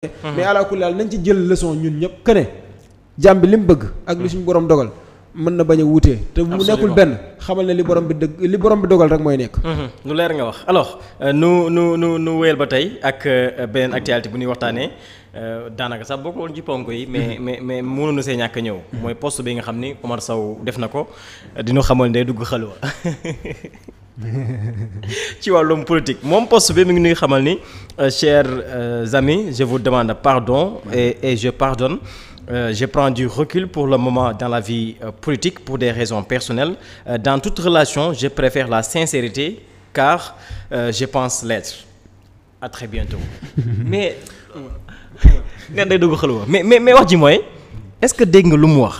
Mhm. mais ala laal haal nañ ci jël leçon ñun ñëpp que ne jàmm bëgg. ak li mhm. suñu borom dogal mën na bañ a wutee. te mu nekkul benn xamal ne li borom bi dëgg li borom bi dogal rek mooy nekk. Mhm. lu leer nga wax alors euh, nu nu nu nu wéyal ba tey ak euh, beneen actualité bu nuy waxtaanee euh, daanaka sax bokkul woon ci ponk yi. mais mais mais mënoon see ñàkk ñëw. mooy post bi nga xam ni Omar saw def na ko dinu xamal ne day dugg xalwa ci wàllum politique moom post bi mi ngi nuy xamal ni euh, chers euh, amis je vous demande pardon et et je pardonne Euh, je prends du recul pour le moment dans la vie euh, politique pour des raisons personnelles. Euh, dans toute relation, je préfère la sincérité car euh, je pense l'être. À très bientôt. mais mais mais wax ji mooy est-ce que dégg nga lu mu wax.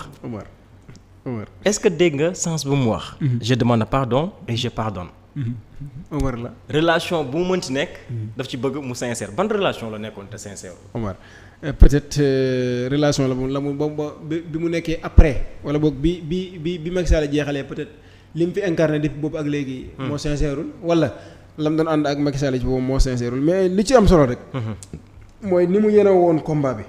est-ce que dégg nga sens bu mu wax. Mhm. je demande pardon et je pardonne. Mhm. Mhm. Omar la relation bu mu mënti nekk. daf ci bëgg mu sincère ban relation la nekkoon te sincère. Omar euh, peut-être euh, relation la moom la mu ba bi mu nekkee après wala boog bi bi bi bi Macky Sall jeexalee peut-être li mu fi incarné depuis boobu ak léegi. moo sincèreul wala lam doon ànd ak Macky Sall ci boobu moo sincèreul mais li ci am solo rek. mooy ni mu yéene woon combat bi.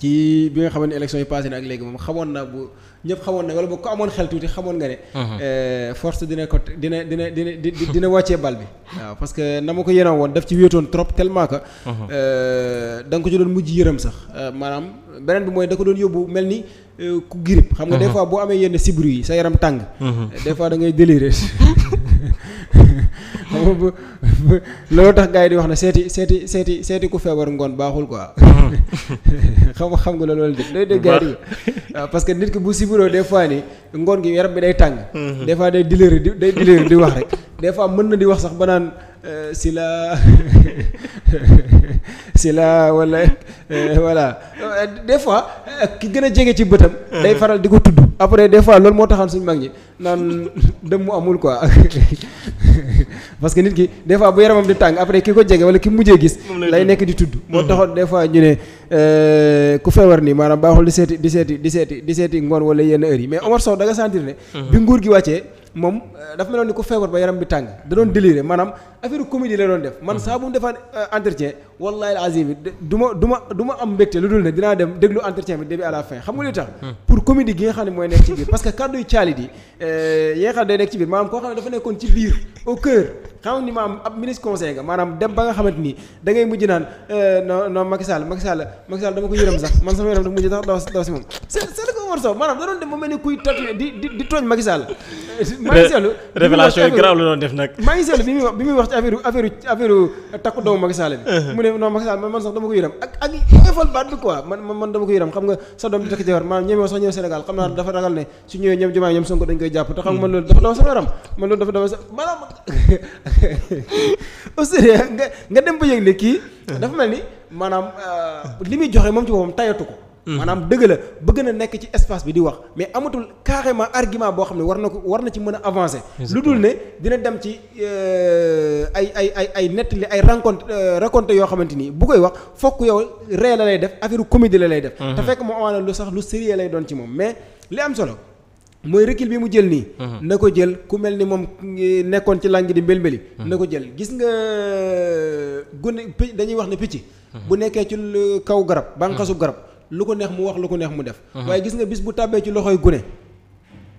ci bi nga xamante ne élection yi passé na ak léegi moom xamoon na bu ñëpp xamoon na wala bu ko amoon xel tuuti xamoon nga ne. Uh-huh. Euh, force dina ko dina dina dina dina wàccee bal bi. waaw parce que na ma ko yéene woon daf ci wéetoon trop tellement que. Uh-huh. Euh, da nga ko ci doon mujj yërëm sax euh, maanaam beneen bi mooy da ko doon yóbbu mel ni ku girip. xam nga des uh-huh. fois boo amee yenn sibru yi sa yaram tàng. des fois da loolu tax gars yi di wax na seeti seeti seeti seeti ku feebar ngoon baaxul quoi mm-hmm. xam xam nga loolu de day dégg gars yi waaw parce que nit ki bu sibiroo des fois ni ngoon gi yaram bi day tàng mm-hmm. des fois day dileeri di day dileeri di wax rek des fois mën na di wax sax ba naan euh, si la si la wala euh, voilà euh, des fois ki gën a jege ci bëtam. day faral di ko tudd. après des fois loolu moo taxaan suñu mag ñi naan dem mu amul quoi parce que nit ki des fois bu yaramam di tàng après ki ko jege wala ki mujjee gis. lay nekk di tudd. moo mm-hmm. taxoon des fois ñu ne ku feebar nii maanaam baaxul di seeti di seeti di seeti di seeti ngoon wala yenn heures yi mais Omar Sow da nga sentir ne. Mm-hmm. bi nguur gi wàccee. moom euh, dafa meloon ni ku feebar ba yaram bi tàng da doon déliré maanaam affaire comédie la doon def man mm-hmm. saa bu mu defaan euh, du ma du ma du lu dul ne dinaa dem déglu entretien bi début à la fin xam nga li tax mm-hmm. pour maanaam dem ba nga xamante ni da ngay naan euh, non non Macky Sall Macky Sall Macky Sall dama di di tooñ Macky Sall Eh, maa ngi seetlu révélation yi garaaw la doon def nag. maa ngi seetlu bi muy wax bi muy wax ci affaire affaire affaire takku doomu Macky bi. Uh-huh. mu ne non Macky Sall man sax dama ko yëram ak ak éfal xam nga sa doom di takk jabar maanaam ñemewoo sax ñëw nga yaram man loolu dafa daw sa maanaam aussi nga nga dem ba yëg ne kii uh-huh. dafa mel ni maanaam euh, li muy joxe moom ci boppam tayatu ko Mm-hmm. maanaam dëgg la bëgg na nekk ci espace bi di wax mais amatul carrément argument boo xam ne war na ko war na ci mën a avancer. lu dul ne dina dem ci euh, ay ay ay ay nettali ay rencontre euh, rencontre yoo xamante ni bu koy wax fokk yow ree la lay def affaire comédie la lay def. Mm-hmm. te fekk mu amaana lu sax lu sérieux lay doon ci moom mais li am solo. mooy recul bi mu jël nii. Mm-hmm. na ko jël ku mel ni moom ngi nekkoon ci langue di mbëlmbëli. na ko jël gis nga euh, gune dañuy wax ne picc. bu nekkee ci kaw garab bànqasu garab. lu ko neex mu wax lu ko neex mu def. waaye gis nga bis bu tàbbee ci loxoy gune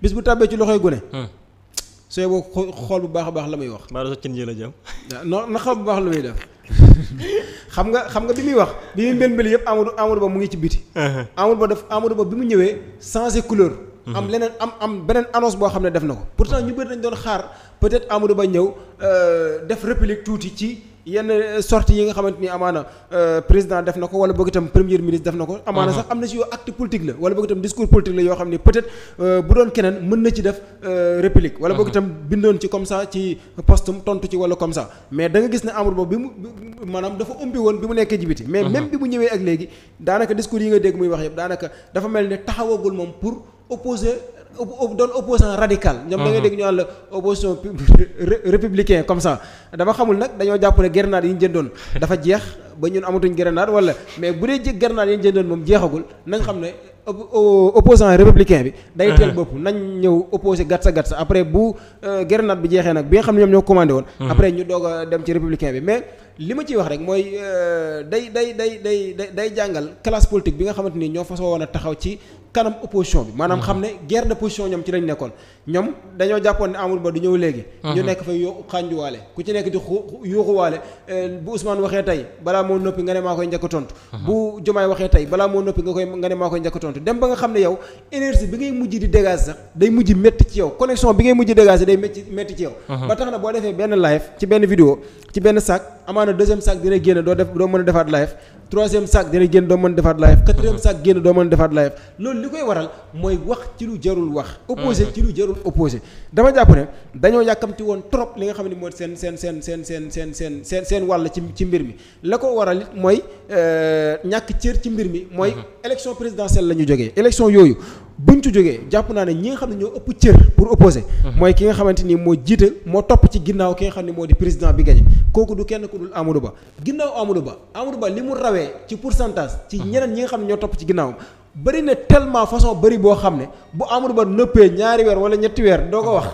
bis bu tàbbee ci loxoy gune. sooy boo xool bu baax a baax la muy wax. maanaam sa cin ji la jëm. Ah, non na xool bu baax la muy def xam nga xam nga bi muy wax bi muy mbël mbël yëpp Amadou Amadou Ba mu ngi ci biti. Amadou Ba def Amadou Ba bi mu ñëwee changé couleur. am leneen am am beneen annonce boo xam ne def na ko. pourtant ñu bëri dañ doon xaar peut-être Amadou Ba ñëw euh, def réplique tuuti ci. yenn euh, sortie yi nga xamante ni amaana euh, président def na ko wala boog itam premier ministre def na ko amaana uh-huh. sax am na ci yoo acte politique la wala boog itam discours politique la yoo xam ne peut euh, bu doon keneen mën na ci def réplique wala boog uh-huh. itam bindoon ci comme ça ci postum tontu ci wala comme ça mais da nga gis ne Amadou Ba bi mu maanaam dafa umbi woon bi mu nekkee jibiti mais uh-huh. même bi mu ñëwee ak léegi daanaka discours yi nga dégg muy wax yëpp daanaka ne taxawagul moom pour opposer doon opposant radical ñoom da ngay mhm. dégg ñu naan la opposition républicain comme ça dama xamul nag dañoo jàpp ne grenade yi ñu jëndoon dafa jeex ba ñun amatuñ grenade wala mais bu dee jë grenade yi ñu jëndoon moom jeexagul nañ xam ne opposant républicain bi day teel mhm. bopp nañ ñëw opposé gatsa gatsa après bu euh, grenade bi jeexee nag bi nga xam ne ñoom ñoo commandé woon mhm. après ñu doog dem ci républicain bi mais li ma ciy wax rek mooy euh, day day day day day jàngal classe politique bi nga xamante ni ñoo fasoo woon a taxaw ci kanam opposition bi. maanaam mm-hmm. xam ne guerre de position ñoom ci lañ nekkoon ñoom dañoo jàppoon ne Amadou Ba du ñëw léegi. ñu mm-hmm. nekk fa yoo xànjuwaale ku ci nekk di xu yuuxuwaale euh, bu Ousmane waxee tey balaa moo noppi nga ne maa koy njëkk a tontu. Mm-hmm. bu Diomaye waxee tey balaa moo noppi nga koy nga ne maa koy njëkk a tontu dem ba nga xam ne yow énergie bi ngay mujj di dégager ci yow connexion bi ngay mujj dégager day métti métti ci yow. ba tax na boo defee benn live benn vidéo amaana deuxième sac dina génn doo def doo mën a defaat live troisième sac dina génn doo mën a defaat live quatrième sac génn doo mën a defaat live loolu li koy waral mooy wax ci lu jarul wax opposé mm-hmm. ci lu jarul opposé dama jàpp ne dañoo yàkkamti woon trop li nga xam ne mooy seen seen seen seen seen seen seen seen seen wàll ci ci mbir mi la ko waral it mooy euh, ñàkk cër ci mbir mi mooy mm-hmm. élection présidentielle la ñu jógee élection yooyu buñ ci jógee jàpp naa ne ñi nga xam ne ñoo ëpp cër pour opposer mhm. mooy ki nga xamante ni moo jiite moo topp ci ginnaaw ki nga xam ne moo di président bi gagné kooku du kenn ku dul Amadou Ba ginnaaw Amadou Ba Amadou Ba li mu rawee ci pour pourcentage ci mhm. ñeneen ñi nga xam ne ñoo topp ci ginnaawam bëri na tellement façon bëri boo xam ne bu Amadou Ba nëppee ñaari weer wala ñetti weer doo ko wax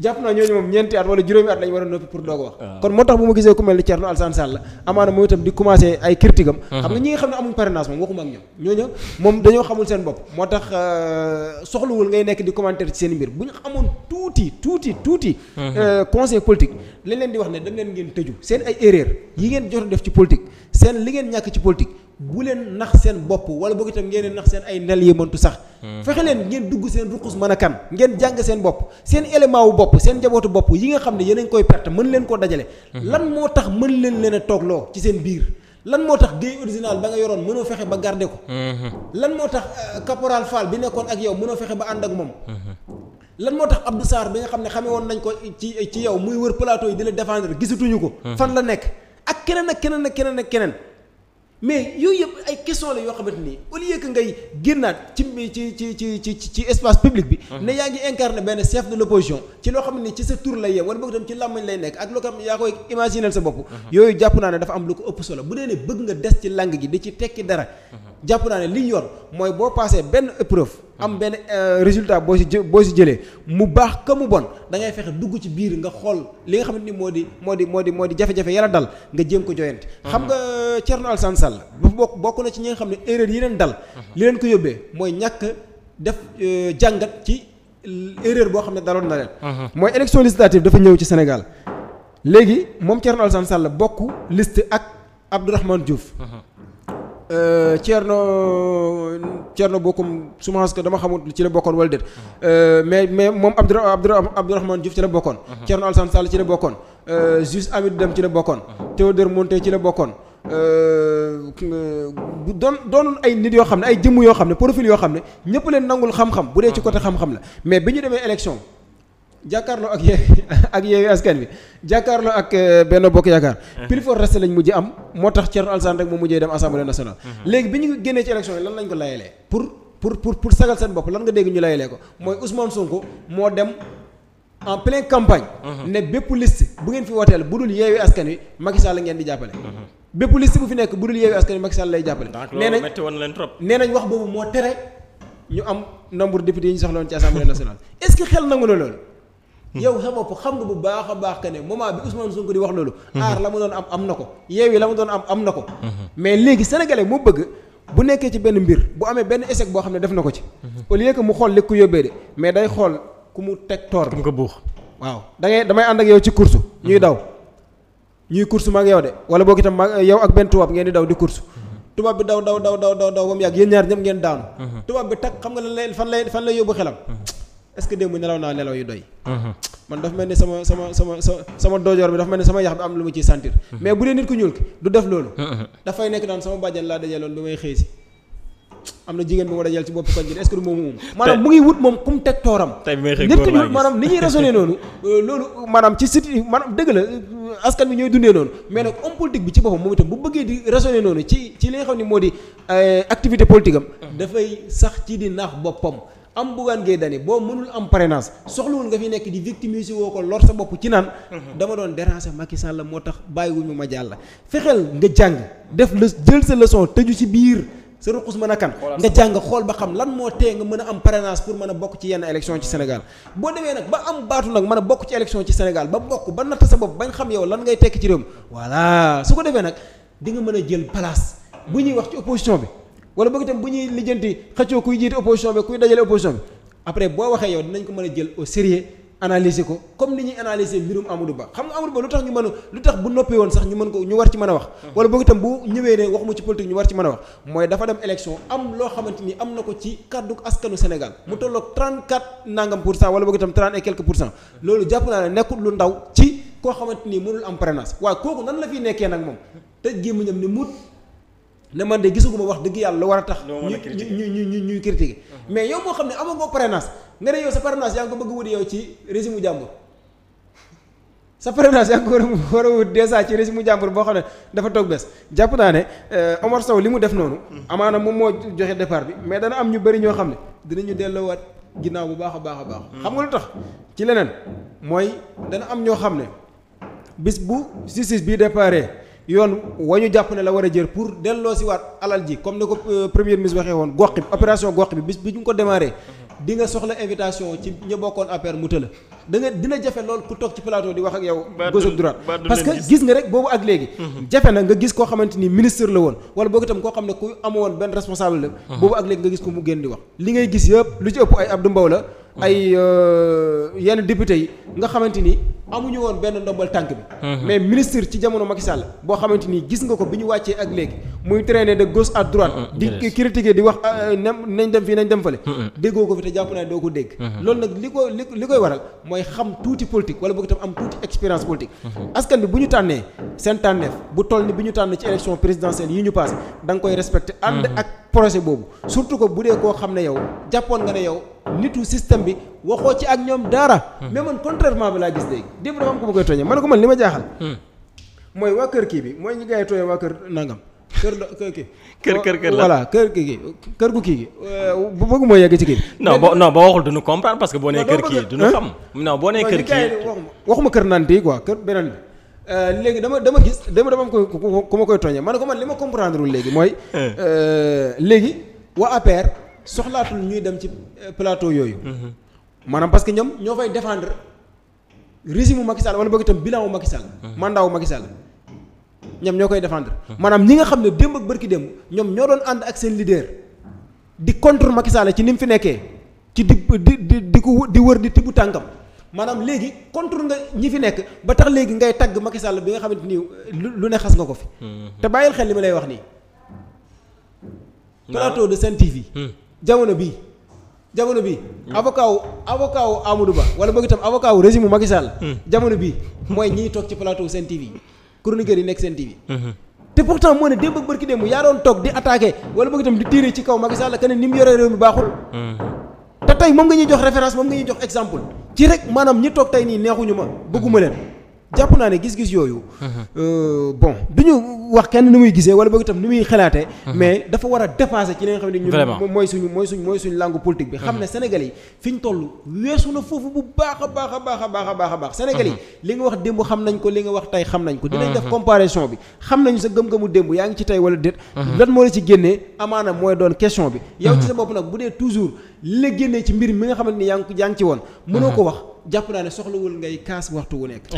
jàpp naa ñooñu moom ñeenti at wala juróomi at lañ war a noppi pour doog wax ah. kon moo tax bu ma gisee ku mel ni Thierno Alassane Sall amaana moom itam di commencé ay critique am ah. xam nga ñi nga xam ne amuñ seen bopp moo tax euh, soxlawul ngay nekk di commentaire ci seen mbir bu ñu amoon tuuti tuuti tuuti ah. euh, conseil politique lañ leen di wax ne dem leen ngeen tëju seen ay erreur yi ngeen jot a def ci politique seen li ngeen ñàkk ci politique bu leen nax seen bopp wala boog itam ngeen nax seen ay nel yi sax. Hmm. fexe leen ngeen dugg seen ruqus mën a kan ngeen jàng seen bopp seen élément wu bopp seen njabootu bopp yi nga xam ne yéen a ngi leen koo dajale. Hmm. lan moo tax mën leen leen a toogloo ci seen biir. lan moo tax géey original ba nga yoroon mënoo fexe ba garder ko hmm. lan moo tax euh, caporal Fall bi nekkoon ak yow mënoo fexe ba ànd ak moom lan moo tax Abdou Sarr bi nga xam ne xamee woon nañ ko ci ci yow muy wër plateau yi di la gisatuñu ko fan la nekk ak keneen ak keneen ak keneen ak keneen mais yooyu yëpp ay question la yoo xamante ni au lieu que ngay génnaat ci ci ci ci ci espace public bi. Mhm. ne yaa ngi incarné benn chef de l' ci loo xam ne ci sa tur lay yem wala boog tam ci làmmañ lay nekk ak loo xam ne yaa koy imaginer sa bopp. Mhm. yooyu jàpp naa ne dafa am lu ko ëpp solo bu dee ne bëgg nga des ci làng gi di ci tekki dara. Mhm. jàpp naa ne liñ yor mooy boo passé benn épreuve am benn euh, résultat boo si jë boo si jëlee mu baax que mu bon da ngay fexe dugg ci biir nga xool li nga xam ni moo di moo di moo di moo di jafe-jafe yàlla dal nga jéem ko joyante xam nga euh, Thierno Alassane Sall bu bokk bokk na ci ñi nga xam ne erreur yi leen dal li leen ko yóbbee mooy ñàkk def euh, jàngat ci erreur boo xam ne daloon na leen uh-huh. mooy élection législative dafa ñëw ci Sénégal léegi moom Thierno Alassane Sall bokk liste ak Abdourahmane Diouf uh-huh. Euh, Thierno Thierno bokkum su ma que dama xamul ci la bokkoon wala déet uh-huh. euh, mais mais moom Abdou Abdou Abdourahmane Diouf ci la bokkoon. Uh-huh. Thierno Alassane Sall ci la bokkoon. Euh, Juste Amidou dem ci la bokkoon. Uh-huh. Théodore Monté ci la bokkoon. doon doonul ay nit yoo xam ne ay jëmm yoo xam ne profil yoo xam ne ñëpp leen nangul xam-xam. bu dee ci côté xam-xam la mais bi ñu demee élection. jàkkaarloo ak ye ak yeewi askan bi jàkkaarloo ak eh, benn bokk yaakaar mhm. plus fort reste lañ am moo tax Thierno Alassane rek moo mujjee dem assemblée nationale mhm. léegi bi ñu génnee ci élection yi lan lañ ko layalee pour pour pour sagal seen bopp lan nga dégg ñu layalee ko mooy mhm. Ousmane Sonko moo dem en plein campagne ne bépp liste bu ngeen fi wooteel bu dul yeewi askan wi Macky Sall la ngeen di jàppale bépp liste bu fi nekk bu dul yeewi askan wi Macky Sall lay jàppale nee nañ nee nañ wax boobu na loolu Hmm. yow sa bopp xam nga bu baax a baax que ne moment bi Ousmane Sonko di wax loolu. Hmm. aar la mu doon am am na ko Yewwi la mu doon am am na ko. Hmm. mais léegi sénégalais moo bëgg. bu nekkee ci benn mbir bu amee benn échec boo xam ne def na ko ci. au lieu que mu xool li ku yóbbee de xool ku mu teg toor. ku ko buux waaw da ngay damay ànd ak yow ci course. ñuy daw ñuy course ma ak yow de wala boog itam ma yow ak benn tubaab ngeen di daw di course. tubaab bi daw daw daw daw daw daw ba mu yàgg yéen ñaar ñëpp ngeen daanu. tubaab bi tag xam nga lan lay fan lay fan lay yóbbu est-ce que démb nelaw naa nelaw yu doy. Mhm. man dafa mel ni sama sama sama sa sama doojoor bi dafa mel ni sama yax bi am lu ma ciy sentir. Mhm. mais bu dee nit ku ñuul ki du def loolu. Mhm. dafay nekk naan sama bàjjan laa dajaloon lu may xëy si. am na jigéen bu ma dajal bopp koñ bi est-ce que du moom moom. maanaam mu ngi wut moom kum teg tooram. tey euh, la euh, askan bi ñooy dundee noonu mais nag homme politique bi ci boppam moom itam bu bëggee di raisonné noonu ci ci li xam ne moo di euh, activité politique am. dafay sax ci di naax boppam. am Bougane Gueye Dany boo mënul am parrainage soxlawul nga fi nekk di victimiser woo ko lor sa bopp ci naan. Mhm. dama doon déranger Macky Sall moo tax bàyyiwuñu ma jàll. fexeel nga jàng def la jël sa leçon tëju ci biir. sa ruqus mën a kan nga jàng xool ba xam lan moo tee nga mën a am parrainage pour mën a bokk ci yenn élection ci Sénégal boo demee nag ba am baatu nag mën a bokk ci élection ci Sénégal ba bokk ba natt sa bopp bañ xam yow lan ngay tekk ci réew mi voilà su ko defee nag di nga mën a jël place bu ñuy wax ci opposition bi wala boog itam bu ñuy lijjanti xëccoo kuy jiite opposition bi kuy dajale opposition bi après boo waxee yow dinañ ko mën a jël au sérieux analyser ko comme ni ñuy analyser mbirum Amadou Ba xam nga Amadou Ba lu tax ñu mën a lu tax bu noppi woon sax ñu mën ko ñu war ci mën a wax wala boog itam bu ñëwee ne wax mu ci politique ñu war ci mën a wax mooy dafa dem élection am loo xamante ni am na ko ci kaddu askanu Sénégal mu tolloog 34 nangam pour cent wala boog itam 30 et quelques pour cent loolu jàpp naa lu ndaw ci koo xamante ni mënul am parrainage waaye nan la fiy nekkee nag moom tëj gémmiñam ni muut ne man de gisaguma wax dëgg yàlla lu war a tax. ñu ñu ñu ñuy critiquer. Mm. mais yow moo xam ne amagoo parrainage nga ne yow sa parrainage yaa ngi ko bëgg wut yow ci régime mu jàmbur. sa parrainage yaa ngi ko war a wut dèjà ci régime mu jàmbur boo xam ne dafa toog bés jàpp naa ne euh, Omar Sow li mu def noonu. Mm. amaana moom moo joxe départ bi mais dana am ñu bëri ñoo xam ne dinañu delloowaat ginnaaw bu baax a baax baax. Mm. xam nga lu tax ci leneen mooy dana am ñoo xam ne bis bu justice bii déparé. yoon wañu jàpp na la war a jër pour delloo si waat alal ji comme ni ko euh, premier ministre waxee woon gox bi opération gox bi bis bi ñu ko démarré di nga soxla invitation ci ñu bokkoon affaire mu la da nga dina jafe lool ku toog ci plateau di wax ak yow gauche ak droite parce que gis nga rek boobu ak léegi mm-hmm. Mm-hmm. jafe na nga gis koo xamante ni ministre la woon wala boog itam koo mm-hmm. ko mu génn euh, yi nga xamante ni amuñu woon benn ndombal tànk bi. mais ministre ci jamono Macky Sall boo xamante ni gis nga ko bi ñu wàccee ak léegi muy traîner de gauche à droite. di critiquer di wax euh, euh, nañ dem fii nañ dem fale déggoo ko fi te jàpp naa doo ko dégg. loolu nag li ko li koy waral mooy xam tuuti politique wala boog am tuuti expérience politique. askan bi bu ñu tànnee seen tànneef bu toll ni bi ñu tànn ci élection présidentielle yi ñu passé da nga koy respecté. ànd mhm. ak projet boobu. surtout que bu dee koo xam ne yow jàppoon nga ne yow nitu système bi waxoo ci ak ñoom dara. Mhm. mais contrairement bi laa gis léegi démb dafa am ko ma koy tooñee man ko man li ma jaaxal. Hmm. mooy waa kër kii bi mooy ñi gars yi tooyee waa kër nangam. kër kër kii. kër kër la voilà kër kii gi kër gu kii gi bu bëgguma yegg ci kii. non boo non boo waxul duñu comprendre parce que boo nee kër kii duñu xam. non boo nee kër kii waxuma kër nante yi kër beneen bi. Euh, léegi dama dama gis dama dama am ku ma koy tooñee man ko man li ma comprendre wul léegi mooy. Eh. Euh, léegi waa APR soxlaatul ñuy dem ci euh, plateau yooyu. Mhm. maanaam parce que ñoom ñoo fay défendre régime Macky Sall wala boog itam bilan wu Macky Sall. Mhm. mandat wu Macky Sall. ñoom ñoo koy défendre. maanaam ñi nga xam ne démb ak bërki démb ñoom ñoo doon ànd ak seen leader di contre Macky ci ni mu fi nekkee ci di di di ko di wër di tibb tànkam maanaam léegi contre nga ñi fi nekk ba tax léegi ngay tagg Macky Sall bi nga xamante ni lu ne xas nga ko fi. Mm-hmm. te bàyyil xel li ma lay wax nii. plateau de Sen TV. Mm. jamono bi jamono bi mm. avocat wu avocat wu Ba wala boog itam avocat wu régime Macky mm. jamono bii mooy ñiy toog ci plateau Sen TV. chroniqueurs yi nekk seen TV. Mhm. te pourtant moo ne démb ak barki démb yaa doon toog di attaqué wala boog itam di tiire ci kaw Macky Sall que ne ni mu baaxul. Mhm. te tey moom nga ñuy jox référence moom nga ñuy jox exemple. ci rek maanaam ñi toog tey nii neexuñu ma bëgguma leen. jàpp naa ne gis-gis yooyu. Uh-huh. Euh, bon du ñu wax kenn ni muy gisee wala boog itam ni muy xalaatee. Uh-huh. mais dafa war a dépasser ci li nga xam ne. ñun mooy suñu mooy suñu mooy suñu langue politique bi. xam ne uh-huh. Sénégalais yi fi toll weesu na foofu bu baax a baax a baax a baax a baax a baax. Sénégalais yi li nga wax démb xam nañ ko li nga wax tey xam nañ ko. dinañ def comparaison bi xam nañu sa gëm-gëmu démb yaa ngi ci tey wala déet. lan moo la ci génnee amaana mooy doon question bi. yow ci sa bopp nag bu dee toujours. li la génnee ci mbir mi nga xamante ni yaa ngi yaa ngi ci woon mënoo ko mhm. wax jàpp naa ne soxlawul ngay kaas waxtu wu nekk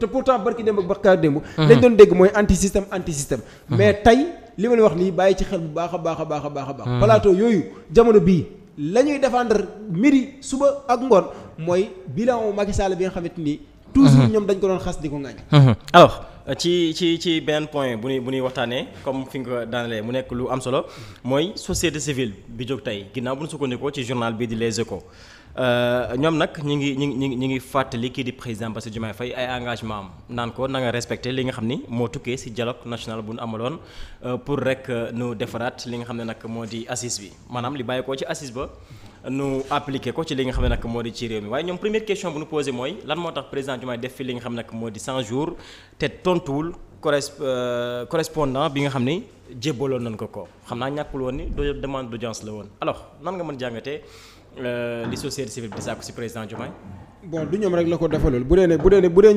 te pourtant barki démb ak barkaar démb mhm. lañ doon dégg mooy anti système anti système mhm. mais tey li ma leen wax nii bàyyi ci xel bu baax a baax a baax baax baax plateau yooyu jamono bii la ñuy défendre midi suba ak ngoon mooy bilan Macky Sall bi nga xamante ni toujours ñoom dañ ko doon xas di ko ngaañ alors Euh, ci ci ci benn point bu ñuy bu ñuy waxtaanee comme fi nga ko daanalee mu nekk lu am solo mooy société civile bi jóg tey ginnaaw bu ñu sukkandikoo ci journal bii di Les Échos euh, ñoom nag ñi ngi ñi ngi ñi ngi fàttali kii di président Bassirou Diomaye Faye ay engagement am naan ko na nga respecté li nga xam ni moo tukkee ci dialogue national bu nu amaloon euh, pour rek nu defaraat li nga xam ne nag moo di assise bi maanaam li bàyyi ko ci assise ba nu appliqué ko ci li nga xam ne nag moo di ci réew mi waaye ñoom première question bu nu posé mooy lan moo tax président Diomaye def fi li nga xam ne nag moo di 100 jours te tontuwul euh, correspondant bi nga xam ni jébbaloon nañ ko ko xam naa ñàkkul woon ni demande d'audience la woon alors nan nga mën jàngatee euh, li société civile bi di sàkku si président Diomaye. bon du ñoom rek la ko defalul bu dee ne bu dee ne